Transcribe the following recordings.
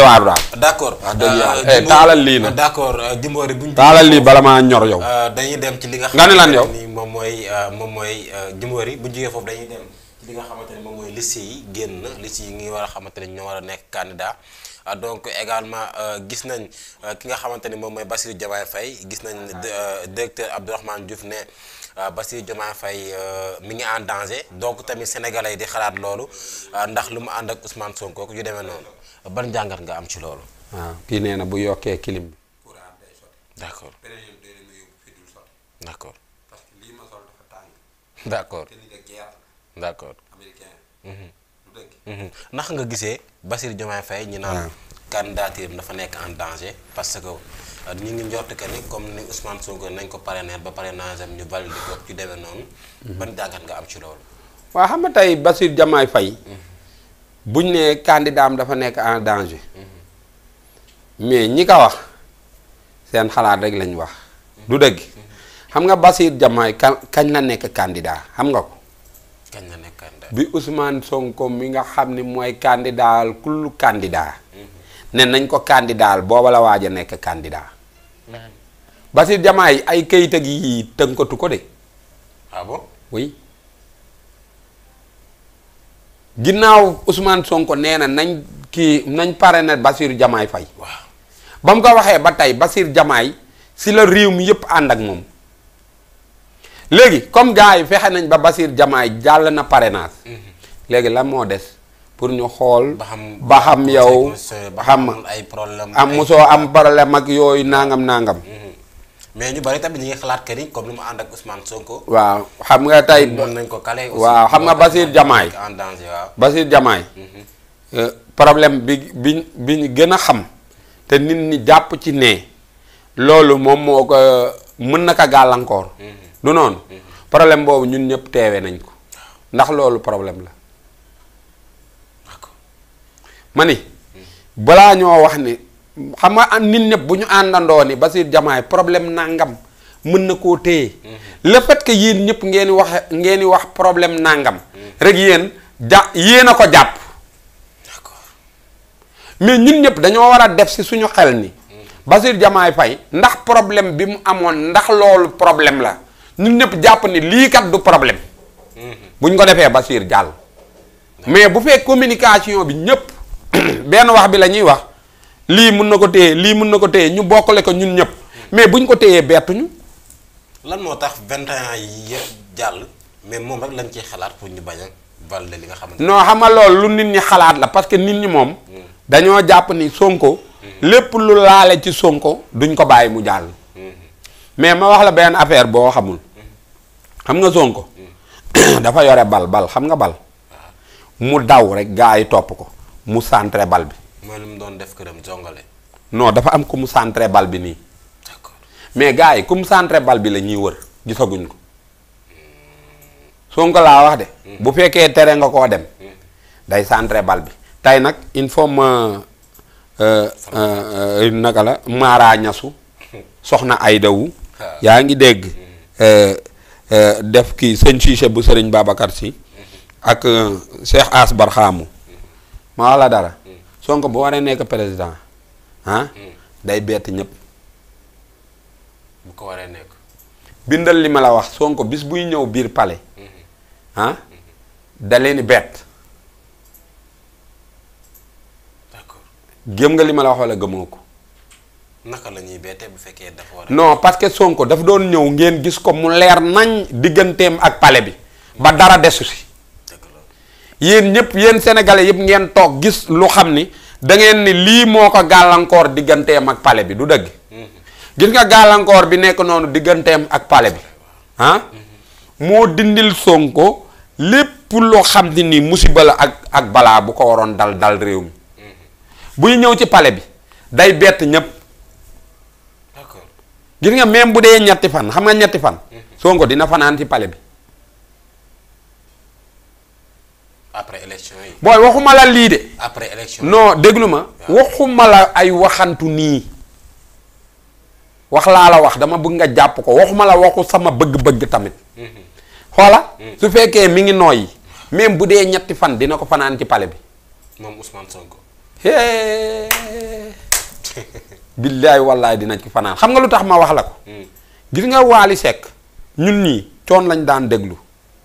waaw d'accord ah, euh, eh, taalal lii nag d'accord Jimbori euh, buñ taalal lii bala maa ñor euh, dañuy dem ci li nga. nga ne lan yow moom mooy moom mooy Jimbori bu jógee foofu dañuy dem ci li nga xamante moom mooy liste yi génn liste yi ngi war a xamante ne ñoo war a nekk candidat donc également gis nañ ki nga xamante ne moom mooy Bassirou Diomaye Faye gis nañ directeur Abdourahmane Diouf ne. Bassirou Diomaye Faye mi ngi en danger donc tamit sénégalais yi di xalaat loolu ndax lu mu ànd ak Ousmane kooku ñu demee noonu. ban jàngat nga am ci loolu. waaw kii nee na bu yokkee clim bi. courant day sotti. d' accord beneen nga accord parce d' accord te lii de guerre la. d' accord américain. Mhm. du dëgg. Mhm. ndax nga gisee Bassirou Diomaye Faye ñi naan. candidature dafa nekk en danger parce que euh, ñu ngi njort que ni comme ni Ousmane Sonko nañ ko pare parrainer ba pare nangem ñu validé ko ci demee noonu. Mhm. ban jàngat nga am ci loolu. waa xam nga tey Bassirou Diomaye Faye. buñ ne candidat am dafa nekk en danger mais ñi ko wax seen xalaat rek lañ wax du dëgg xam nga Bassirou Diomaye kañ la nekk candidat xam nga ko kañ la nekk candidat bi Ousmane Sonko mi nga xam ni mooy kandidaal kullu candidat nen nañ ko kandidaal booba la waaj a nekk candidat Bassirou Diomaye ay kayit ak yi tënkatu ko de ah ginnaaw Ousmane sonk nee na nañ kii nañ parrainé Bassirou Diomaye Faye waaw ba mu ko waxee ba tey Bassirou Diomaye si la réew mi yëpp ànd ak moom léegi comme gars yi fexe nañ ba Bassirou Diomaye jàll na parrainage mhm. léegi lan moo des pour ñu xool ba xam yow xam am mosoo am problème ak yooyu nangam nangam mhm. mais ñu bari tamit ñu ngi xalaat que ni comme li mu ànd ak Ousmane Sonko. waaw xam nga tey. nañ ko kale waaw xam nga Basir Diomaye. en danger waaw Basir Diomaye. Mhm. Euh, problème bi bi bi ñu gën a xam te nit ñi jàpp ci ne loolu moom moo ko mën na ko gàllankoor. Mhm. du noonu. Mhm. problème boobu ñun ñëpp teewe nañ ko ndax loolu problème la ma balaa ñoo wax ni xam nga nit ñëpp bu ñu àndandoo ni Bassirou Diomaye problème nangam mën na koo téye mm-hmm. le fait que yéen ñëpp ngeen wax ngeen wax problème nangam mm-hmm. rek yéen ja yéen a ko jàpp d'accord mais ñun ñëpp dañoo war a def si suñu xel ni mm-hmm. Bassirou Diomaye Faye ndax problème bi mu amoon ndax loolu problème la ñun ñëpp jàpp ni lii kat du problème buñ ko defee Bassirou jàll mais bu fekk communication bi ñëpp benn wax bi la ñuy wax lii mun na ko téye lii mun na ko téye ñu bokkale ko ñun ñëpp mais buñ ko téyee bettuñu. lan moo tax 21 yi jàll mais moom rek lañ ciy xalaat pour ñu bañ a valider li nga xamante ne. non xam lu nit ñi xalaat la parce que nit ñi moom. Hmm. dañoo jàpp ni Sonko. Hmm. lépp lu laale ci Sonko duñ ko bàyyi mu jàll. Hmm. mais ma wax la benn affaire boo xamul. xam nga Sonko. dafa yore bal bal xam nga bal. Ah. mu daw rek gaa yi topp ko mu centré bal bi. mooy lu mu doon def këram jongale. non dafa am comme centre centré bal bi nii. mais gars yi comme centre centré bal bi la ñuy wër gisaguñ ko Sonko laa wax de. Hmm. bu fekkee tere nga koo dem. Hmm. day centré bal bi tey nag il faut ma euh, euh, euh, naka la hmm. soxna Ayda yaa ngi dégg def kii sëñ Cissé bu Sëriñ Babacar si ak Cheikh As Barxaamu. ma wax la dara. Sonko bu waree nekk président ah, hmm. day bett ñëpp. bu ko waree nekk. bindal li ma la wax Sonko bis buy ñëw biir pale hmm. ah hmm. da leen bett. d'accord nga li ma la wax wala gëmoo ko. naka la ñuy bettee bu fekkee dafa war non parce que Sonko dafa doon ñëw ngeen gis ko mu leer nañ digganteem ak pale bi ba dara desu si. yéen ñëpp yéen sénégalais yëpp ngeen toog gis lu xam ni dangeen ngeen ni lii moo ko gàllankoor digganteem ak pale bi du dëgg gis nga gàllankoor bi nekk noonu digganteem ak pale bi ah? moo dindil Sonko lépp loo xam ne ni mu la ak ak balaa bu ko waroon dal dal réew mi buy ñëw ci pale bi day bett ñëpp gis nga même bu dee ñetti fan xam nga ñetti fan mm-hmm. Sonko dina fanaan ci pale bi après élection yi. booy waxuma la lii de. après élection non déglu ma. waxuma la ay waxantu nii. wax laa la wax dama bëgg nga jàpp ko waxuma la waxu sama bëgg-bëgg tamit. Mm-hmm. xoola. Mm-hmm. su fekkee mi ngi nooyi. même bu dee ñetti fan dina ko fanaan ci pale bi. moom Ousmane Sonko. billaay wallaay dina ci fanaan xam nga lu tax ma wax la ko. Mm. gis nga Waly Seck ñun nii coon lañ daan déglu.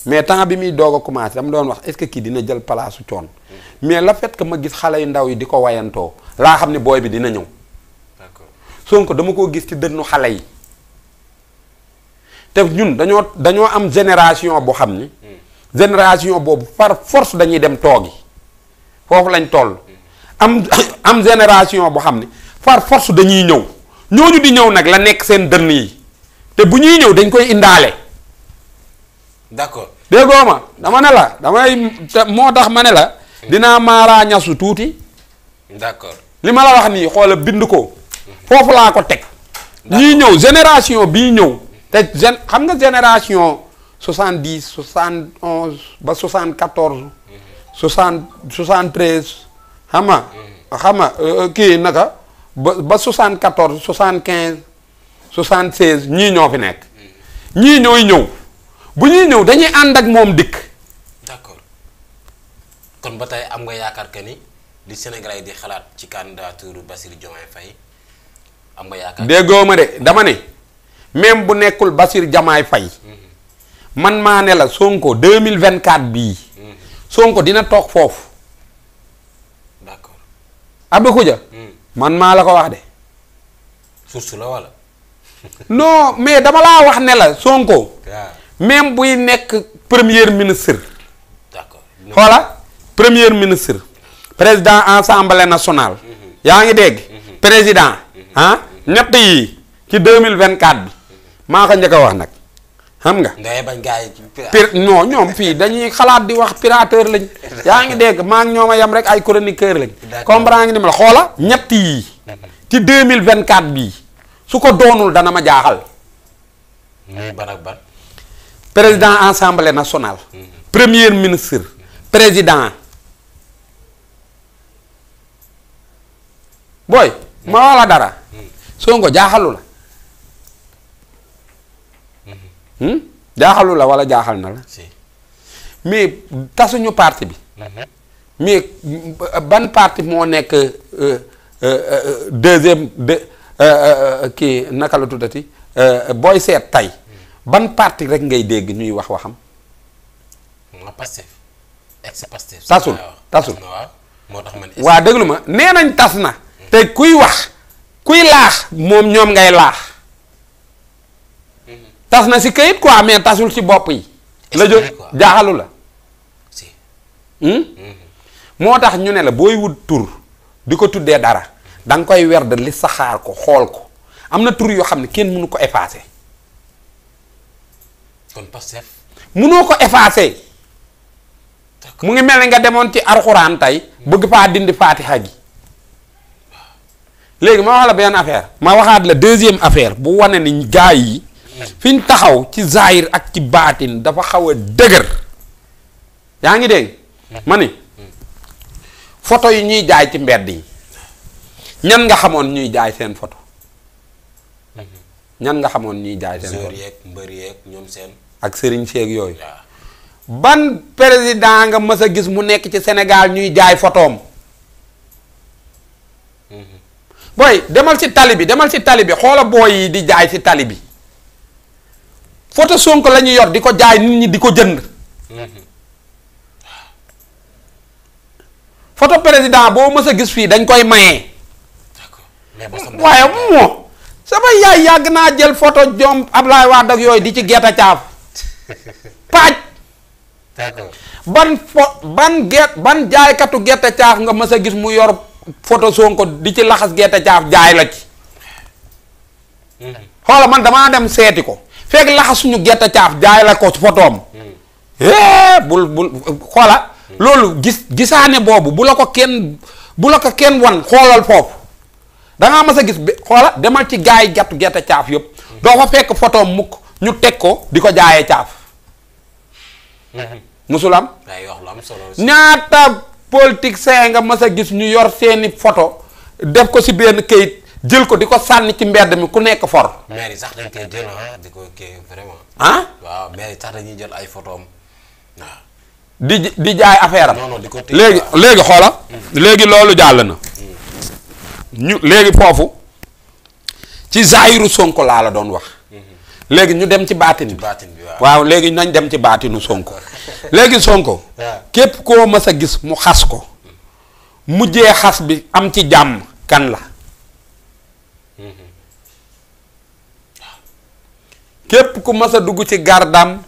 mais temps bi muy doog a commencé dama doon wax est-ce que kii dina jël palaasu coon mais la fait que ma gis xale yu ndaw yi di ko wayantoo laa xam ne booy bi dina ñëw d'accord Sonko dama koo gis ci dënnu xale yi te ñun dañoo dañoo am génération boo xam ni génération boobu par force dañuy dem toogi foofu lañ toll am am génération boo xam ne par force dañuy ñëw ñooñu di ñëw nag la nekk seen dënn yi te bu ñuy ñëw dañ koy indaale d'accord déggoo ma dama ne la damay moo tax ma ne la. dinaa maaraa tuuti. d'accord li ma la wax nii xoola bind ko. foofu laa ko teg. ñii ñëw génération bii ñëw. te gen xam nga génération soixante dix soixante onze ba soixante quatorze. soixante soixante treize. xam nga mm. xam nga euh, euh, naka ba ba soixante quatorze soixante quinze soixante seize ñii ñoo fi nekk. Mm. ñii ñooy ñëw. bu ñuy ñëw dañuy ànd ak moom dikk. d'accord kon ba tey am nga yaakaar que ni li Sénégalais di xalaat ci candidature Bassirou Diomaye Faye am nga yaakaar. déggoo ma de dama ne même bu nekkul Bassirou Diomaye Faye mhm. man maa ne la Sonko 2024 bii. Mhm. Sonko dina toog foofu. d'accord Abdou mhm. man maa la ko wax de. source la wala. non mais dama laa wax ne la Sonko. même buy nekk première ministre. d'accord voilà premier ministre président assemblée national mhm. yaa ngi dégg. Mhm. Mhm. président ah ñett yii ci deux mille vingt quatre bi maa ko njëkk wax nag xam nga. ndey bañ gars yi non ñoom fii dañuy xalaat di wax pirateur lañ. yaa ngi dégg maa ngi ñoom a rek ay chroniqueur lañ. comprendre nga ni ma la xoola ñett yii ci deux mille vingt quatre bii su ko doonul dana ma jaaxal. muy ban président assemblée nationale mm-hmm. première ministre président booy mm-hmm. ma wax la dara mm-hmm. Sonko jaaxalu la hmm? jaaxalu la wala jaaxal na la mais tasuñu parti bi mais ban parti moo nekk euh, euh, euh, deuxième de kii naka la tuddati booy seet tey ban parti rek ngay dégg ñuy wax waxam. ma Pastef. ex-Pastef. tasul tasul moo tax man. waa déglu ma nee nañ tas na. te kuy wax kuy laax moom ñoom ngay laax. Mhm. tas na si kayit quoi amee tasul si bopp yi. la jóg jaaxalu la. si. Hmm? Mhm. moo tax ñu ne la booy wut tur di ko tuddee dara da nga koy werd li saxaar ko xool ko am na tur yoo xam ne kenn mënu ko effacer. kon Pastef. munoo ko effacer. mu ngi mel ne nga demoon ci arxuraan tey bëgg faa dindi faatiha gi léegi ma wax la benn affaire ma waxaat la deuxième affaire bu wane ni gaa yi mm. fi ñu taxaw ci zaahir ak ci baatin dafa xaw a dëgër yaa ngi dégg mm. ma ni mm. photo yi ñuy jaay ci mbedd yi ñan nga xamoon ñuy jaay seen photo mm-hmm. ñan nga xamoon ñuy jaay seen photo mbër yeeg seen ak sëriñ Cheikh yooyu. ban président nga mës a gis mu nekk ci senegaal ñuy jaay photoom. Mm-hmm. booy demal ci tali bi demal ci tali bi xoola booy yi di jaay ci tali bi photo Sonko la yor di ko jaay nit ñi di ko jënd. Mm-hmm. photo président boo mës a gis fii dañ koy maye. waaye moo sama yaay yàgg naa jël photo jom Ablaye Wade ak yooyu di ci gerte caaf. paaj. d'accord ban fo ban get ban jaaykatu gerte caaf nga mës a gis mu yor photo Sonko di ci laxas gerte caaf jaay la ci. Mm-hmm. xoola man damaa dem seeti ko fekk laxasuñu gerte caaf jaay la ko mm. bul bul xoola. Mm. loolu gis gisaane boobu bu la ko kenn bu la ko kenn wan xoolal foofu da ngaa a gis bi xoola demal ci gaay yi gàttu gerte caaf yëpp. Mm. doo fa fekk photoom mukk ñu teg ko di ko jaayee caaf. musul am. ñaata politicien nga ma a gis ñu yor seeni photo def ko ci benn kayit jël ko di ko sànni ci mbedd mi ku nekk for. yi sax dañ koy ah, di ko kii vraiment. Ah? dañuy jël ay photo am waaw. di di jaay affaire léegi léegi xoola. Mm. léegi loolu jàll na. Mm. ñu léegi foofu ci zaayiru Sonko laa la doon wax. léegi ñu dem ci baatin bi waaw léegi nañ dem ci baatinu Sonko léegi Sonko képp koo mas a gis mu xas ko mujjee xas bi am ci jàmm kan la mm-hmm. képp ku mas a dugg ci gardam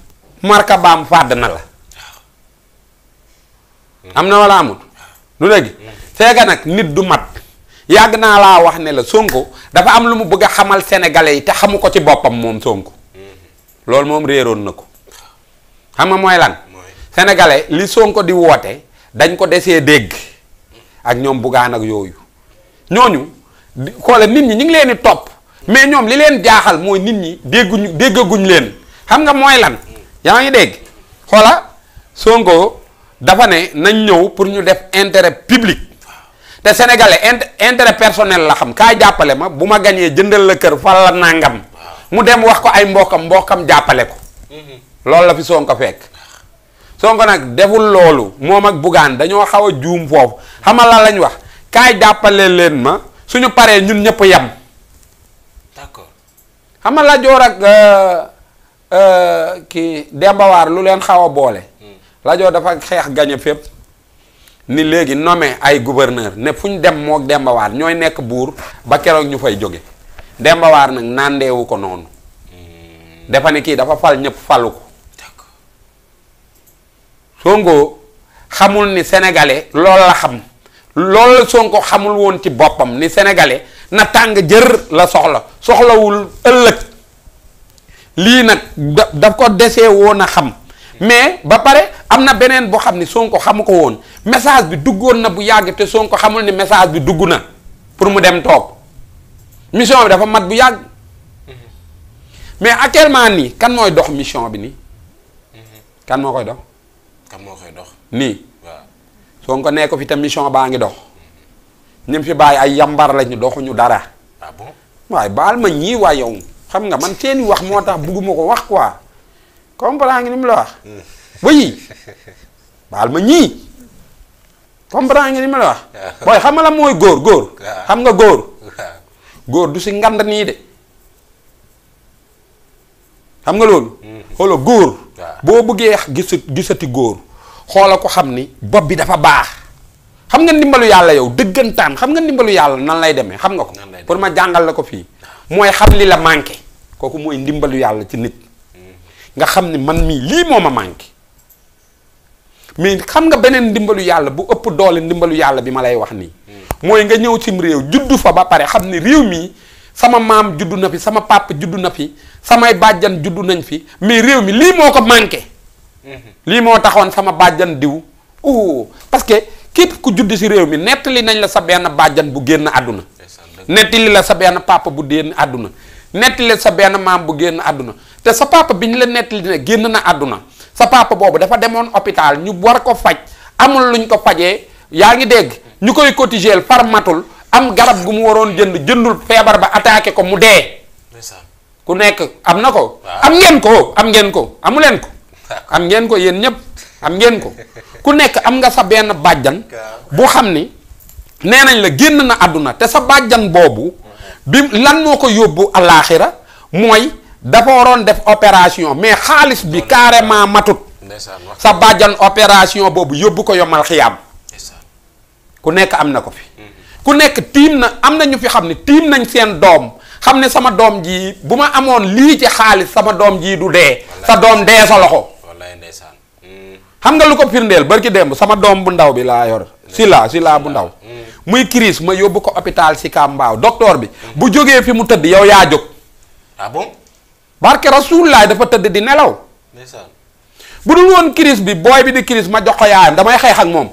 markabaam baam fàdd na la am na wala amul lu léegi feega mm-hmm. nag nit du mat yàgg naa laa wax ne la Sonko dafa am lu mu bëgg a xamal sénégalais yi te xamu ko ci boppam moom Sonko loolu moom réeroon na ko xam nga mooy lan sénégalais li Sonko di woote dañ ko desee dégg ak ñoom bugaan ak yooyu ñooñu xoole nit ñi ñu ngi leen di topp mais ñoom li leen jaaxal mooy nit ñi dégguñu déggaguñ leen xam nga mooy lan yaa ngi dégg xoola Sonko dafa ne nañ ñëw pour ñu def intérêt public te sénégalais intérêt personnel la xam kaa jàppale ma bu ma gañee jëndal la kër fal la nàngam mu dem wax ko ay mbokam mbokam jàppale ko mm-hmm. loolu la fi Sonko fekk Sonko nag deful loolu moom ak Bougane dañoo xaw a juum foofu xamal la lañ wax kaay jàppale leen ma suñu paree ñun ñëpp yem d'accord xamal la joor ak euh, euh, ki dembawaar lu leen xaw a boole mm. la dafa xeex gañe fépp ni léegi nommé ay gouverneur ne fu ñu dem moog dembawaar ñooy nekk buur ba keroog ñu fay jóge dembawaar nag nandeewu ko noonu hmm. dafa ne kii dafa fal ñëpp falu ko Sonko xamul ni sénégalais loolu la xam loolu la Sonko xamul woon ci boppam ni sénégalais na tàng jër la soxla soxlawul ëllëg lii nag daf ko desee woon a xam hmm. mais ba pare am na beneen boo xam ne Sonko xamu ko woon message bi duggoon na bu yàgg te Sonko xamul ne message bi dugg na pour mu dem toog mission bi dafa mat bu yàgg mais actuellement nii kan mooy dox mission bi nii kan moo koy dox. dox. nii. waaw Sonko nee ko fi te mission baa ngi dox ñu fi bàyyi ay yambar lañu doxuñu dara. Ah waaye baal ma ñii waa yow xam nga man seeni wax moo tax bugguma ko wax quoi comprendre nga ni mu la wax. Hmm. oui baal ma ñii comprendre nga ni ma la wax. Ah. booy xam nga mooy góor góor. Ah. xam nga góor. Ah. góor du si ngand nii de xam nga loolu. Mm-hmm. xoola góor. boo bëggee gisati góor xoola ko xam ni bopp bi dafa baax xam nga ndimbalu yàlla yow dëggantaan xam nga ndimbalu yàlla nan lay demee xam nga ko. pour ma jàngal la ko fii. mooy xam li la manqué. kooku mooy ndimbalu yàlla ci nit. Mm. nga xam ni man mii lii moo ma manqué. mais xam nga beneen ndimbalu yàlla bu ëpp doole ndimbalu yàlla bi ma lay wax nii. mooy nga ñëw cim réew juddu fa ba pare xam ni réew mii sama maam juddu na fi sama pàpp juddu na fi samay bàjjan juddu nañ fi mais réew mi lii moo ko manqué. lii moo taxoon sama bàjjan diw. oo parce que képp ku judd si réew mi nettali nañ la sa benn bàjjan bu génn àdduna. nettali la sa benn papa bu génn àdduna. nettali sa benn maam bu génn àdduna te sa papa bi ñu la nettali ne génn na àdduna sa papa boobu dafa demoon hôpital ñu war ko faj amul luñ ko fajee yaa ngi dégg ñu koy cotiser far matul am garab gu mu waroon jënd jëndul feebar ba attaqué ko mu dee. ku nekk am na ko. am ngeen ko am ngeen ko amu leen ko. am ngeen ko yéen ñëpp am ngeen ko ku nekk am nga sa benn bàjjan. bu xam ni nee nañ la génn na àdduna te sa bàjjan boobu. bi lan moo ko yóbbu alaaxira mooy. dafa waroon def opération mais xaalis bi carrément matut sa bàjjan opération boobu yóbbu ko yomal xiyaam ku nekk am na ko fi mhm. ku nekk tiim na am na ñu fi xam ne tiim nañ seen doom xam ne sama doom ji bu ma amoon lii ci xaalis sama doom ji du dee sa doom dee sa loxo mhm. xam nga lu ko firndeel barki démb sama doom bu ndaw bi laa yor si laa bu ndaw mhm. muy crise ma yóbbu ko hôpital si Kambaaw docteur bi bu jógee fi mu tëdd yow yaa jóg ah barke rasulilah dafa tëdd di nelaw. bu dul woon crise bi booy bi di kiris ma jox ko yaayam damay xeex ak moom.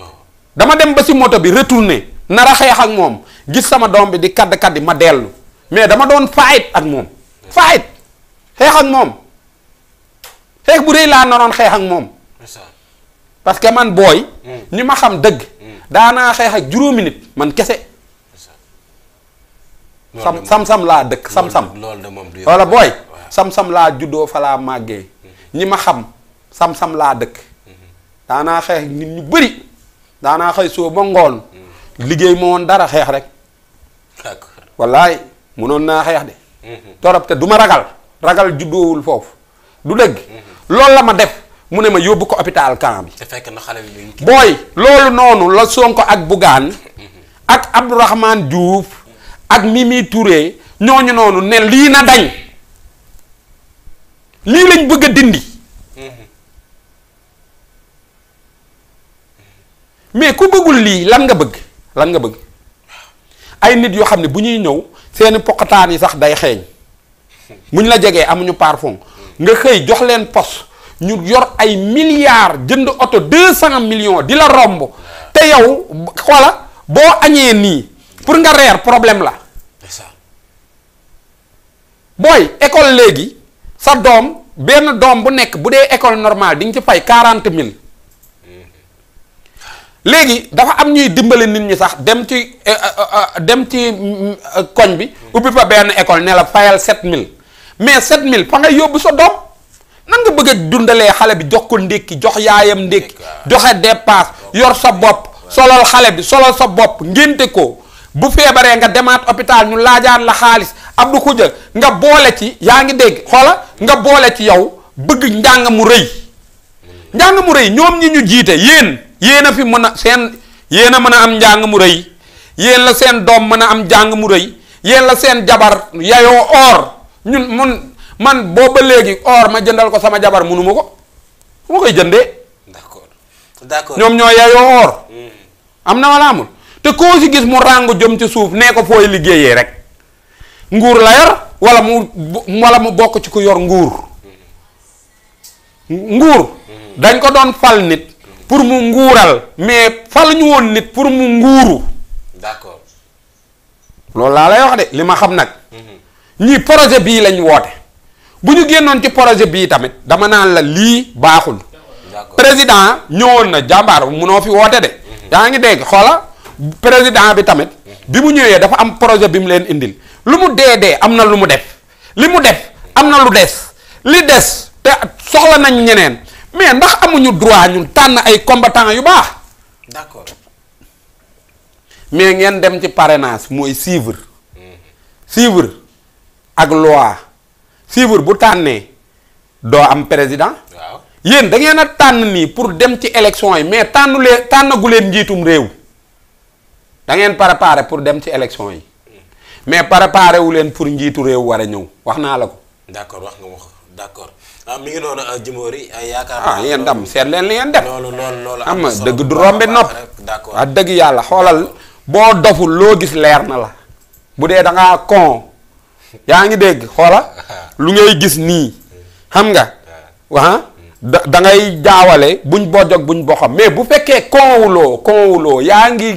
Oh. dama dem ba si moto bi retourne nar a xeex ak moom gis sama doom bi di kadd kaddi ma dellu mais dama doon faayit ak moom. faayit xeex ak moom xeex bu rëy laa naroon xeex ak moom. parce que man booy. ni mm. ma xam dëgg. Mm. daanaa xeex ak juróomi nit man kese. sam sam sam laa dëkk sam sam. wala booy. sam sam laa juddoo fa laa màggee. Mhm. ñi ma xam sam sam laa dëkk. Mhm. daanaa xeex nit ñu bari daanaa xëy soo ma ngoon. Mhm. liggéey ma woon dara xeex rek. wallaay mënoon naa xeex de. torop te du ma ragal. ragal juddoowul foofu. du dëgg. loolu la ma def. mu ne ma yóbbu ko hôpital camp bi. fekk na xale bi booy. loolu noonu la Sonko ak Bougane. ak Abdourahmane Diouf. ak Mimi Touré ñooñu noonu ne lii na dañ lii lañ bëgg a dindi mais ku bëggul lii lan nga bëgg lan nga bëgg ay nit yoo xam ne bu ñuy ñëw seeni poqataan yi sax day xeeñ muñ la jege amuñu parfum nga xëy jox leen pos ñu yor ay milliards jënd oto deux cent millions di la romb te yow xoola boo añee nii pour nga reer problème la. booy école léegi sa doom benn doom bu nekk bu dee école normale di nga ci fay quarante mille léegi dafa am ñuy dimbali nit ñi sax dem ci eh, eh, eh, dem ci mm, mm, koñ bi ubbi fa benn école ne la fayal sept mille mais sept mille fa nga yóbbu sa doom nan nga bëgg a dundalee xale bi jox ko ndékki jox yaayam ndékki joxe dépasse yor sa bopp solal xale bi solal sa bopp ngénte ko bu feebaree nga demaat hôpital ñu laajaan la xaalis Abdou Khoudia nga boole ci yaa ngi dégg xoola nga boole ci yow bëgg njàng mu rëy njàng mu rëy ñoom ñi ñu jiite yéen yéen a fi mën a seen yéen a mën a am njàng mu rëy yéen la seen doom mën a am njàng mu rëy yéen la seen jabar yayoo or ñun mun man booba léegi or ma jëndal ko sama jabar munuma ko ma koy jëndee. ñoom ñoo yayoo or. Hmm. am na wala amul. te koo si gis mu ràngu jëm ci suuf nee ko fooy liggéeyee rek nguur la yor wala mu wala mu bokk ci ku yor nguur nguur dañ ko doon fal nit pour mu nguural mais fal ñu woon nit pour mu nguuru d'accord loolu laa lay wax de li ma xam nag mhm. ñii projet bii lañ woote bu ñu génnoon ci projet bii tamit dama naan la lii baaxul président ñëwoon na jàmbaar munoo fi woote de mhm. yaa ngi dégg xoola président bi tamit bi mu ñëwee dafa am projet bi mu leen indil lu mu dee dee am na lu mu def li mu def am na lu des li des te soxla nañ ñeneen mais ndax amuñu droit ñu tànn ay combattant yu baax. d'accord mais ngeen dem ci parrainage mooy suivre suivre ak loi suivre bu tànnee doo am président. waaw yéen da ngeen a tànn nii pour dem ci élection yi mais tànn tànnagu leen njiitum réew. dangeen ngeen pare pour dem ci élection yi mais pare wu leen pour njiitu réew war a ñëw wax naa la ko. d'accord wax nga wax d'accord ah mi ngi noonu euh, Djimbory yaakaar ah yéen ndam seet leen li ngeen def. loolu am na dëgg du rombi nopp. d'accord ah dëgg yàlla xoolal boo doful loo gis leer na la bu dee da ngaa con yaa ngi dégg xoola lu ngay gis nii xam nga waa da da ngay jaawale buñ bojog buñ boxam mais bu fekkee konwuloo konwuloo yaa ngi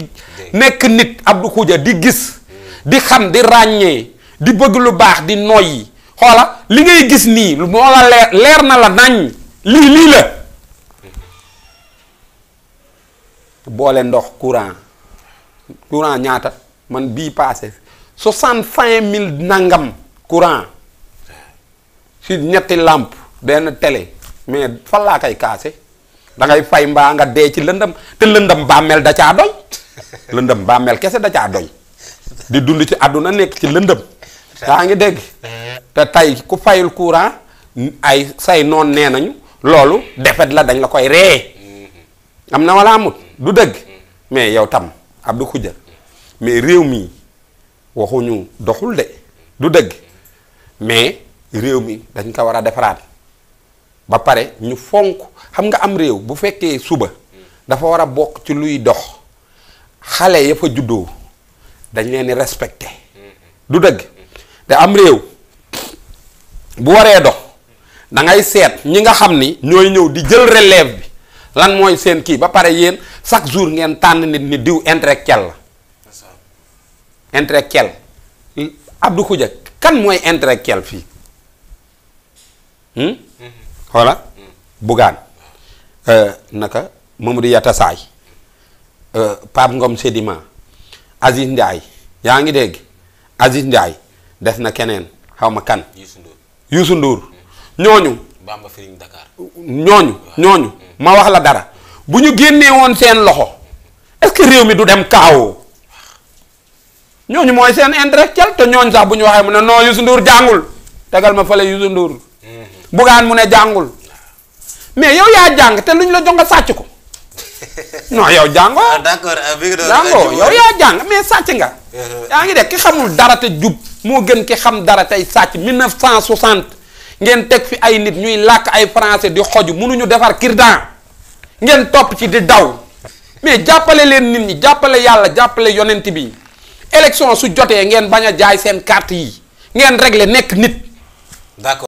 nekk nit Abdou Khoudia di gis di xam di ràññee di bëgg lu baax di noyyi xoola li ngay gis nii moo la leer leer na la nañ lii lii la boole ndox courant courant ñaata man bii paase soixante cinq mille nangam courant si ñetti làmp benn télé mais fan laa koy kaase da ngay fay mbaa nga dee ci lëndam te lëndam bàmmeel da ca doy lëndam bàmmeel kese da caa doy di dund ci àdduna nekk ci lëndëm. yaa ngi dégg. te tey ku fayul courant ay say noon nee nañu loolu defet la dañ la koy ree am na wala amut du dëgg mais yow tam Abdou Khoudia mais réew mi waxuñu doxul de du dëgg mais réew mi dañ ko war a defaraat. ba pare ñu fonk xam nga am réew bu fekkee suba dafa war a bokk ci luy dox xale ya fa juddoo dañ leen di respecté du dëgg te am réew bu waree dox da ngay seet ñi nga xam ni ñooy ñëw di jël relève bi lan mooy seen kii ba pare yéen chaque jour ngeen tànn nit ni diw intellectuel la kell Abdou Khoudia kan mooy intellectuel fii hmm? mm-hmm. xoola bugaan euh, naka Mamadou Yatta Saay euh, Pape Ngom Sedima Aziz Ndiaye yaa ngi dégg Aziz Ndiaye des na keneen xaw ma kan. Youssou Ndour Youssou Ndour mm. ñooñu. Bamba Firing Dakar. ñooñu ñooñu mm. ma wax la dara bu ñu génnee woon seen loxo est réew mi du dem kaawoo ñooñu mooy seen intellectuel te ñooñu sax bu ñu waxee mun ne non Youssou Ndour jàngul tegal ma fële Youssou Ndour. bugaan mu ne jàngul mais yow yaa jàng te luñ la jox sàcc ko non yow jàngoo. ah d'accord ah, jàngoo yow yaa jàng mais sàcc nga. Uh-huh. yaa ngi de ki xamul dara te jub moo gën ki xam dara tey sàcc 1960 ngeen teg fi ay nit ñuy làkk ay français di xoju mënuñu defar kirdan ngeen topp ci di daw mais jàppale leen nit ñi jàppale yàlla jàppale yonent bi élection su jotee ngeen bañ a jaay seen carte yi ngeen régler nekk nit. d'accord.